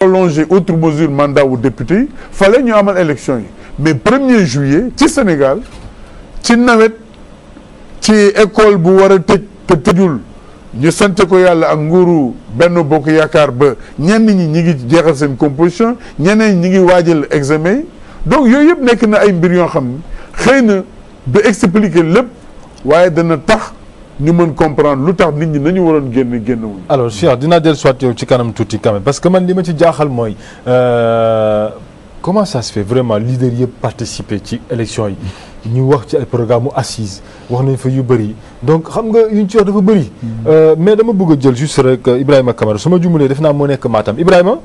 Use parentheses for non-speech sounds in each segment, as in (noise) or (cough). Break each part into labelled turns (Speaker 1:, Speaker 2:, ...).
Speaker 1: prolonger outre mesure mandat wu député yi fallait ñu amal élection yi mais premier juillet ci Sénégal ci nawet ci école bu war a tëj te tëjul ñu sante ko yàlla ak nguuru benn bokk yaakaar ba ñenn ñi ñi ngi jeexal seen composition ñeneen ñi ngi waajal examen yi donc yooyu yëpp nekk na ay mbir yoo xam ne xëy na du expliquer lépp waaye dana tax ñu mën comprendre lu tax nit ñi nañu waroon génn génn wuñ
Speaker 2: alors Cheikh dinaa dellu soit yow ci kanam tuuti quand même parce que man li ma ci jaaxal mooy euh, comment ça fait vraiment leader yëpp participer ci élection yi ñu wax ci ay programme mu assise wax nañ fa yu bëri donc xam nga yuñ ci wax dafa bëri mm-hmm. euh, mais dama bëgg a jël juste rek euh, Ibrahima Kamara suma ma jumulee def naa moo nekk maatam Ibrahima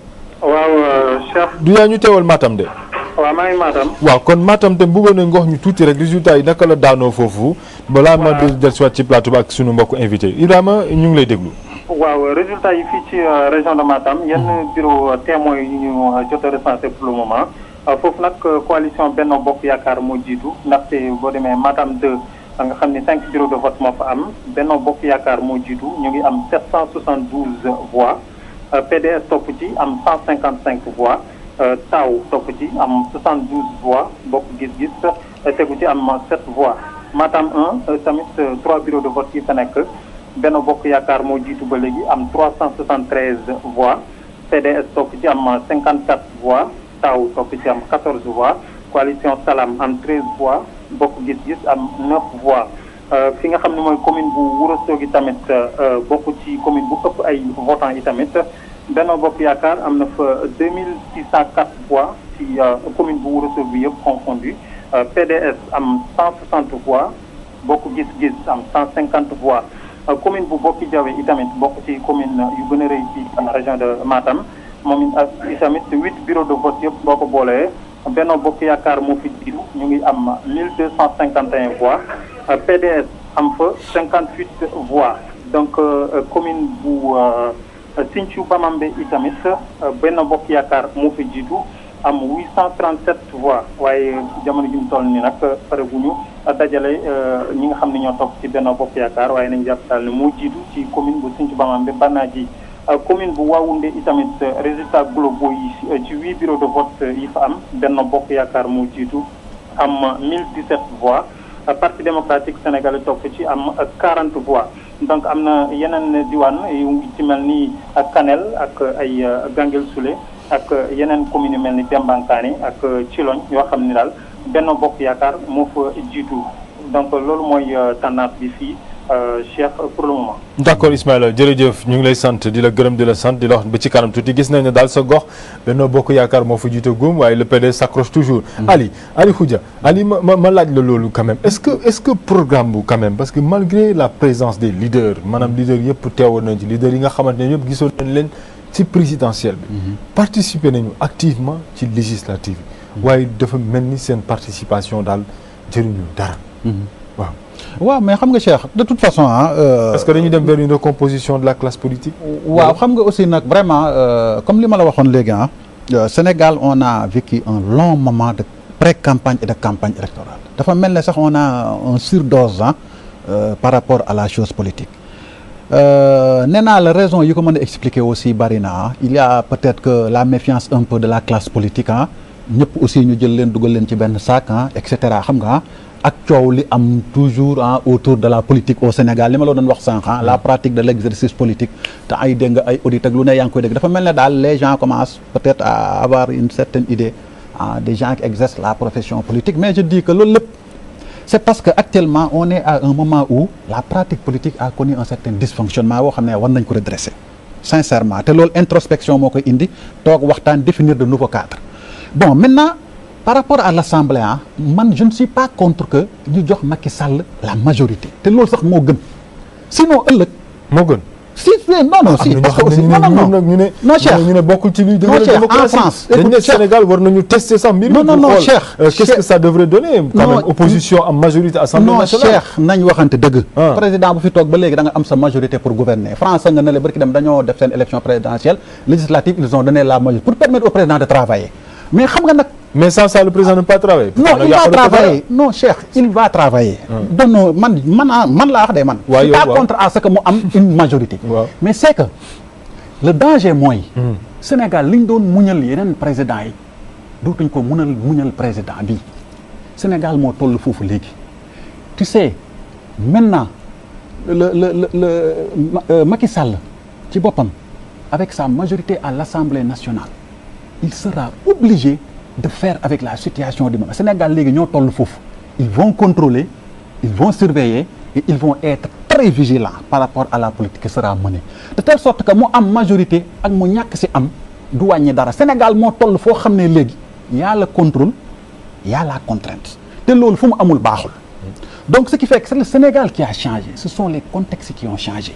Speaker 2: waaw Cheikh du yaa ñu teewal maatam de waa maa ngi maatam waaw kon Matam tam bëggoon nañ nga wax ñu tuuti rek résultat yi naka la daanoo foofu. balaa ma di dellusiwaat ci plateau ba ak sunu mbokku invité Ibrahima ñu ngi lay déglu.
Speaker 3: waaw résultat yi fii ci euh, région de Matam yenn hmm. bureau euh, témoin yi ñu euh, jot a recensé pour le moment foofu nag coalition Benno Bokk Yaakaar moo jiitu ndaxte boo demee Matam 2 nga xam ni cinq bureau de vote moo fa am Benno Bokk Yaakaar moo jiitu ñu ngi am 772 voix PDS topp ci am 155 voix. Euh, taw topp ci am 72 voix bokk gis-gis euh, tegu ci am 7 voix Matam 1 euh, tamit 3 bureaux de vote ci fa nekk Benno Bokk Yaakaar moo jiitu ba léegi am 373 voix CDS topp ci am 54 voix taaw topp ci am 14 voix coalition Salam am 13 voix bokk gis-gis am 9 voix fi nga xam ne mooy commune bu Wuro Sogi tamit bokk ci commune bu ëpp ay votants yi tamit Benno Bokk Yaakaar am na fa 2604 voix ci euh, commune bu Ourossogui bi yëpp confondu euh, PDS am 160 voix Bokk Gis Gis am 150 voix euh, commune bu Bokki Diawé itamit bokk ci commune yu gën a rëy ci région de Matam moom itamit huit bureaux de vote yëpp boo ko boolee Benno Bokk Yaakaar moo fi jiitu ñu ngi am 1251 voix PDS am fa 58 voix donc commune bu. Sinthiou Bamambé itamit euh, benn bokk yaakaar moo fi jiitu am 837 voix waaye jamono ji mu toll nii nag euh, ñu euh, dajale ñi nga xam ne ñoo toog ci benn bokk yaakaar waaye nañ jàpp daal ne moo jiitu ci commune bu Sinthiou Bamambé ji commune bu Waoundé itamit résultat globaux yi ci huit bureaux de vote yi fa am benn bokk yaakaar moo jiitu am 1017 voix parti démocratique sénégalais topp ci am 40 voix. donc am na yeneen diwaan yu ci mel ni ak Kanel ak ay euh, Ganguel sule ak yeneen communes yu mel ni Dembankaani ak ci Thilogne yoo xam ni daal Benno Bokk Yaakaar moo fa jiitu donc loolu mooy euh, tendance bi fii Euh, Cheikh pour le moment.
Speaker 2: d' jërëjëf ñu ngi lay sant di la gërëm di la sant di la wax ba ci kanam tuuti gis nañ ne daal sa gox Benno Bokk Yaakaar moo fa jiite góom waaye le PDS s'accroche toujours. Mm. Ali Ali Khoudia Ali ma ma laaj la loolu quand même est ce que est ce que programme bu quand même parce que malgré la présence des leaders maanaam leaders yëpp teewoon nañ ci leaders yi nga xamante ne yëpp gisoon nañ leen ci présidentielle bi. Mm-hmm. participer nañu activement ci législative bi. Mm-hmm. waaye dafa mel seen participation daal jëriñu dara. Mm-hmm. waaw mais xam nga Cheikh de toute façon ah. est ce que dañuy dem de la classe politique.
Speaker 4: xam nga aussi nag vraiment euh, comme li ma la waxoon léegi ah. Sénégal on a vécu un long moment de pré-campagne et de campagne électorale dafa mel ne sax on a un surdose ah par rapport à la chose politique. nee naa la raison yi ko mën a expliquer aussi bari na il y a peut-être que la méfiance un peu de la classe politique ah ñëpp aussi ñu jël leen dugal leen ci benn sac ah cetera xam nga ak coow li am toujours ah autour de la politique au Sénégal li ma la doon wax sànq la mm. pratique de l' exercice politique te ay dégg nga ay audit ak lu ne yaa ngi koy mel ne daal les gens commencent peut-être avoir une certaine idée ah des gens qui exercent la profession politique mais je dis que loolu lépp c' parce que actuellement on est à un moment la pratique politique a connu un certain dysfonctionnement boo xam ne war nañ ko redresser sincèrement te loolu par rapport à l'assemblée ah man je ne suis pas contre que ñu jox Macky Sall la majorité te loolu sax moo gën sinon ëllëg.
Speaker 2: moo gën si non non si ah, parce que aussi non non non ñu ne non Cheikh ñu ne bokkul ci biir en France dañ ne Sénégal war nañu tester sax mbir mi non non non Cheikh euh, qu'est-ce que ça devrait donner quand même opposition am majorité assemblée nationale non Cheikh nañ waxante dëgg ah.
Speaker 4: président bu fi toog ba léegi da am sa majorité pour gouverner France nga ne la barki dem dañoo def élection présidentielle législative ils ont donné la majorité pour permettre au mais sans ça le président ne peut pas travailler. non il va travailler ah. non Cheikh il va travailler. donnoo man man la laa wax de man. waaw pas contre à ce que mu am une majorité. (laughs) mais c'est que le danger mooy. Hmm. Sénégal liñ doon muñal yeneen président yi dootuñ ko munal muñal président bi Sénégal moo toll foofu léegi tu sais maintenant le le le euh, Sall ci boppam avec sa majorité à l'Assemblée nationale il sera obligé. de fair avec la situation du moment Sénégal léegi ñoo tollu foofu ils vont contrôler ils vont surveiller et ils vont être très par rapport à la politique qui sera menée de tell sorte que mu am majorité ak mu ñàkk ci am du wàññi dara Sénégal moo toll foo xam ne léegi y la le contrôle y la contrainte te loolu fu mu amul baaxul donc ce qui fait que c'est Sénégal qui a changé ce sont les contextes qui ont changé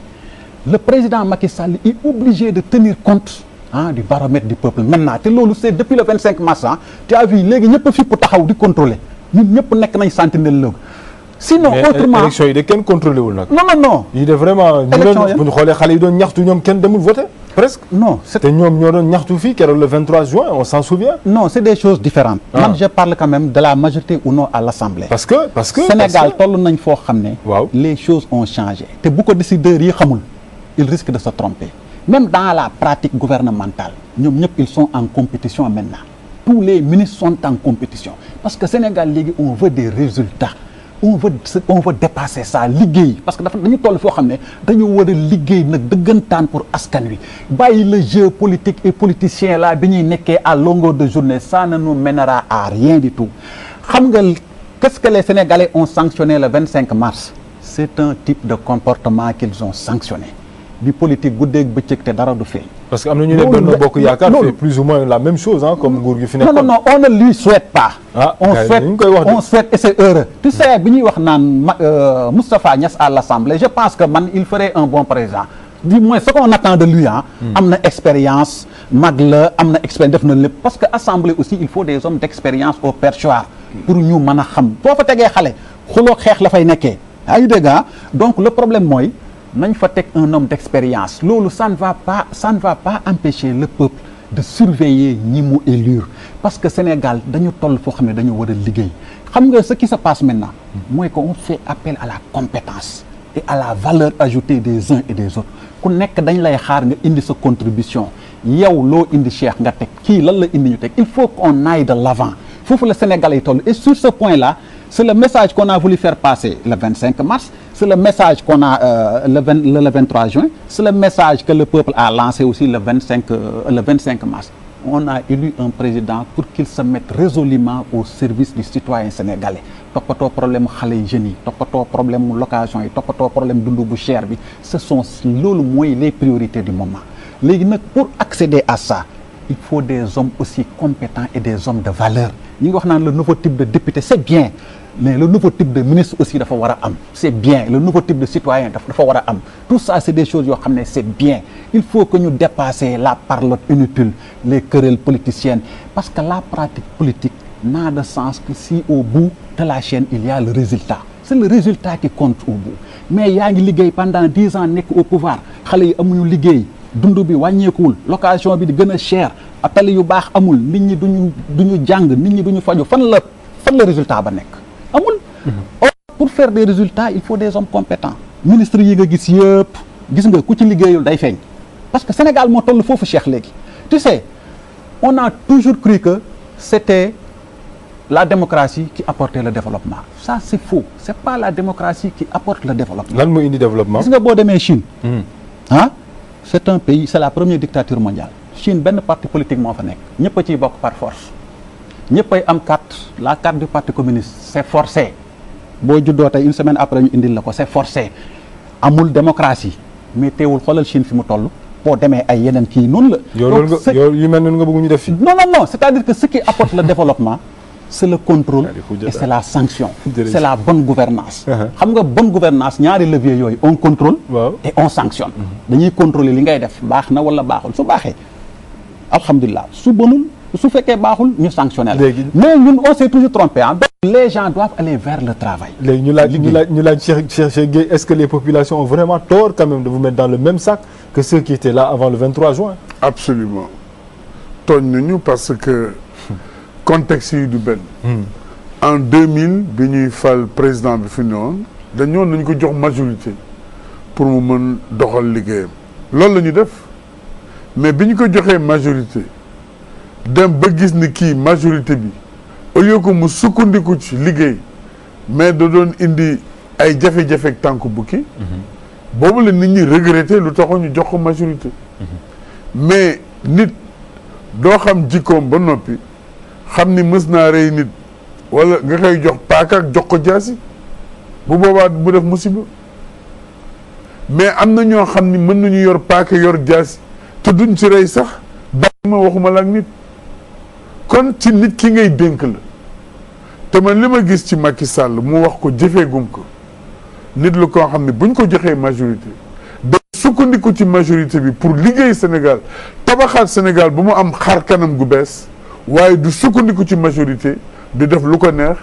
Speaker 4: le président Macky Sall est obligé de tenir compte ah du baromètre du peuple maintenant te loolu c'est depuis le 25 mars ah tu as vu léegi ñëpp a fipp taxaw di contrôler ñun ñëpp nekk
Speaker 2: nañ sentinelle léegi. sinon élection yi kenn contrôlé wul nag. non non non. yi vraiment ñu doon bu ñu xoolee xale yi doon ñaxtu ñoom kenn demul voté presque. non te ñoom ñoo doon ñaxtu fii keroog le
Speaker 4: 23 juin on s'en souvient. non c'est des choses différentes. Ah. man je parle quand même de la majorité ou non à l'Assemblée. parce xam ne. waaw les choses ont changé. te bu ko yi risque de se tromper. même dans la pratique gouvernementale ñoom ñëpp ils sont en compétition maintenant tous les ministres sont en compétition parce que Sénégal léegi on veut des résultats on veut on veut ça liggéey parce que dafa dañu toll foo xam ne dañu war liggéey nag dëggantaan pour askan wi bàyyi le jeu politique et politicien la bi ñuy nekkee à longueur de journée ça ne nous mènera à rien du tout xam nga qu'est-ce que les Sénégalais ont sanctionné le 25 mars c'est un type de comportement qu'ils ont sanctionné di politique guddeeg bëccëg te dara du feeñ. parce que am na ñu ne benn bokk yaakaar c'est plus ou moins la même chose hein comme nguur gi fi nekkoon. non non on ne lui souhaite pas. ah
Speaker 1: on souhaite on
Speaker 4: souhaite et c'est heureux. tu sais bi ñuy wax naan euh, Moustapha Niass à l'Assemblée je pense que man il ferait un bon président. du moins ce qu'on attend de lui ah. am na expérience mag la am na expérience def na lépp parce que assemblée aussi il faut des hommes d'expérience au perchoir. pour ñu mën a xam boo fa tegee xale xuloo xeex la fay nekkee. yaa ngi dégg donc le problème mooy. nañ fa teg un homme d'expérience loolu ça ne va pas ça ne va pas empêcher le peuple de surveiller ñi mu élire parce que Sénégal dañu toll foo xam ne dañu war liggéey xam nga ce sa se passe maintenant mooy que on fait appel à la compétence et à la valeur ajoutée des uns et des autres ku nekk dañ lay xaar nga indi sa contribution yow loo indi Cheikh nga teg kii lan la indi ñu teg il faut qu'on aille de l'avant foofu la Sénégal yi toll et sur ce point là c'est le message qu'on a voulu faire passer le c'est le message kon a euh, le 20, le 23 juin c'est le message que le peuple a lancé aussi le 25 euh, le 25 mars on a élu un président pour qu'il se mette résolument au service du citoyen sénégalais toppatoo problème xale yi jeunes yi toppatoo problème mu location yi toppatoo problème dundu bu cher bi ce sont loolu mooy les priorités du moment léegi nag pour accéder à ça il faut des hommes aussi compétents et des hommes de valeur ñi ngi wax naan le nouveau type de député c'est bien mais le nouveau type de ministre aussi dafa war am c'est bien le nouveau type de citoyen dafa war a am tout ça c'est des choses yoo ne c'est bien il faut que ñu dépasser la parlotte inutile les querelles politiciennes parce que la pratique politique n'a de sens que si au bout de la chaîne il y a le résultat c'est le résultat qui compte au bout mais yaa ngi liggéey pendant dix ans nekk au pouvoir xale amuñu liggéey dund bi wàññeekuwul location bi di gën a cher atali yu baax amul nit ñi duñu duñu jàng nit ñi duñu faju fan la fan la résultat ba nekk amul mhm. pour faire des résultats il faut des hommes compétents ministre yi nga gis yëpp gis nga ku ci liggéeyul day feeñ parce que Sénégal moo toll foofu cheikh léegi tu sais on a toujours cru que c'était la démocratie qui apporte le développement ça c'est faux c'est pas la démocratie qui apporte la développement lan moo indi développement gis nga boo demee Chine ah c'est un pays c'est la première dictature mondiale Chine benn parti politique moo fa nekk ñëpp a ciy bokk par force ñëpp am carte la carte du parti communiste c'est forcé boo juddoo tey une semaine après ñu indil la ko c'est forcé amul démocratie mais teewul xoolal Chine fi mu toll boo demee ay yeneen kii noonu la. donc yow yu mel noonu nga bëgg def fii. non non non c'est-à-dire que ce développement. c'est le contrôle et c'est la sanction (laughs) c'est la bonne gouvernance uh-huh. xam nga bonne gouvernance ñaari levier yooy on contrôle et on sanctionne dañuy contrôler li ngay def baax na wala baaxul su baaxee alhamdulilah su bonul su fekkee baaxul ñu sanctionner mais ñun on s'est toujours trompé ah les gens doivent aller
Speaker 2: vers le travail ñu laaj ñu laaj ñu laaj Cheikh Cheikh Gueye est-ce que les populations ont vraiment tort quand même de
Speaker 1: vous juin absolument tooñ parce que contexte yi du benn. Hmm. en mille bi ñuy fal président bi fi ñëwoon dañoon nañ ko jox majorité pour mu mën doxal liggéeyam loolu la ñu def mais bi ñu ko joxee majorité dem ba gis ni kii majorité bi au lieu mu sukkandiku ci liggéey mais da doon indi ay jafe-jafe ak tànk bukki hmm. boobu la nit ñi regretté lu taxoon ñu jox ko majorité hmm. mais nit doo xam jikkoom ba noppi xam ni mës naa rey nit wala nga koy jox paaka jox ko jaasi bu boobaat bu def musiba mais am na ñoo xam ni mën nañu yor paaka yor jaasi te duñ ci rey sax bàyyi ma waxuma la ak nit kon ci nit ki ngay dénk la te man li ma gis ci Macky Sall mu wax ko jëfe jëfeegum ko nit lu ko xam ne buñ ko joxee majorité da sukkandiku ci majorité bi pour liggéey Sénégal tabaxaat Sénégal bu mu am xar kanam gu bees waaye du sukkandiku ci majorité di def lu ko neex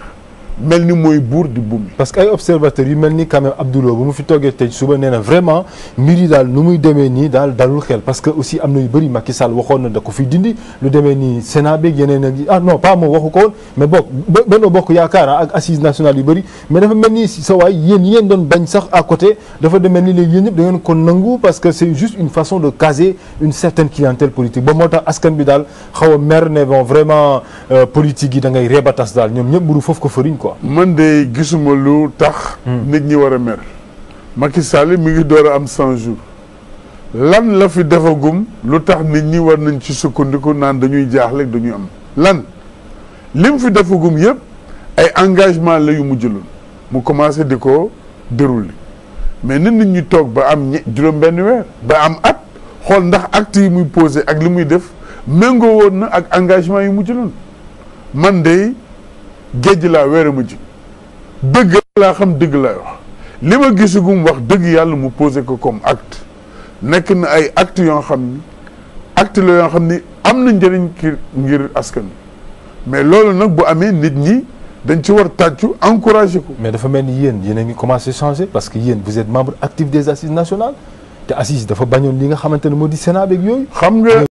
Speaker 1: mel ni
Speaker 2: mooy buur di bumi parce que ay observateurs yu mel ni quand même Abdoulaye mu fi toogee tey suba nee na vraiment mbir yi daal nu muy demee nii daal dalul xel parce que aussi am na yu bëri Macky Sall waxoon na da ko fi dindi lu demee nii Sénat yeneen ak ah non ko woon mais bokk Benno Bokk ak assise nationale yu bëri mais dafa mel ni sa waay doon bañ sax à côté dafa demel ni léegi yéen ñëpp da ngeen ko nangu parce que c'est juste une façon de caser une certaine clientèle politique ba moo tax askan bi daal xaw a mer ne bon vraiment euh, politique yi da ngay ñëpp mburu ko fëriñ ko quoi.
Speaker 1: man de gisuma lu tax. Hmm. nit ñi war a mer. Macky Sall mi ngi door a am 100 jours. lan la fi defagum lu tax nit ñi war nañ ci sukkandiku naan dañuy jaaxle dañuy am lan lim fi defagum yëpp ay engagement la yu mu jëloon mu commencé di ko dérouler mais nit nit ñi toog ba am juróom-benn weer ba am at xool ndax acte yi muy posé ak li muy def méngoo woon na ak engagement yu mu jëloon man de géej laa weer a mujj dëgg laa xam dëgg laa li ma gisugum wax dëgg yàlla mu posé ko comme acte nekk na ay acte yoo xam ni acte la xam ni am na njëriñ ki ngir askan mais loolu nag bu amee nit ñi dañ ci war tàccu
Speaker 2: encouragé ko. mais dafa mel ni yéen yéen a ngi commencé changer parce que yéen vous êtes membre actif des assises nationales te assises dafa bañoon li nga xamante ne moo di Sénat beeg yooyu. xam nga.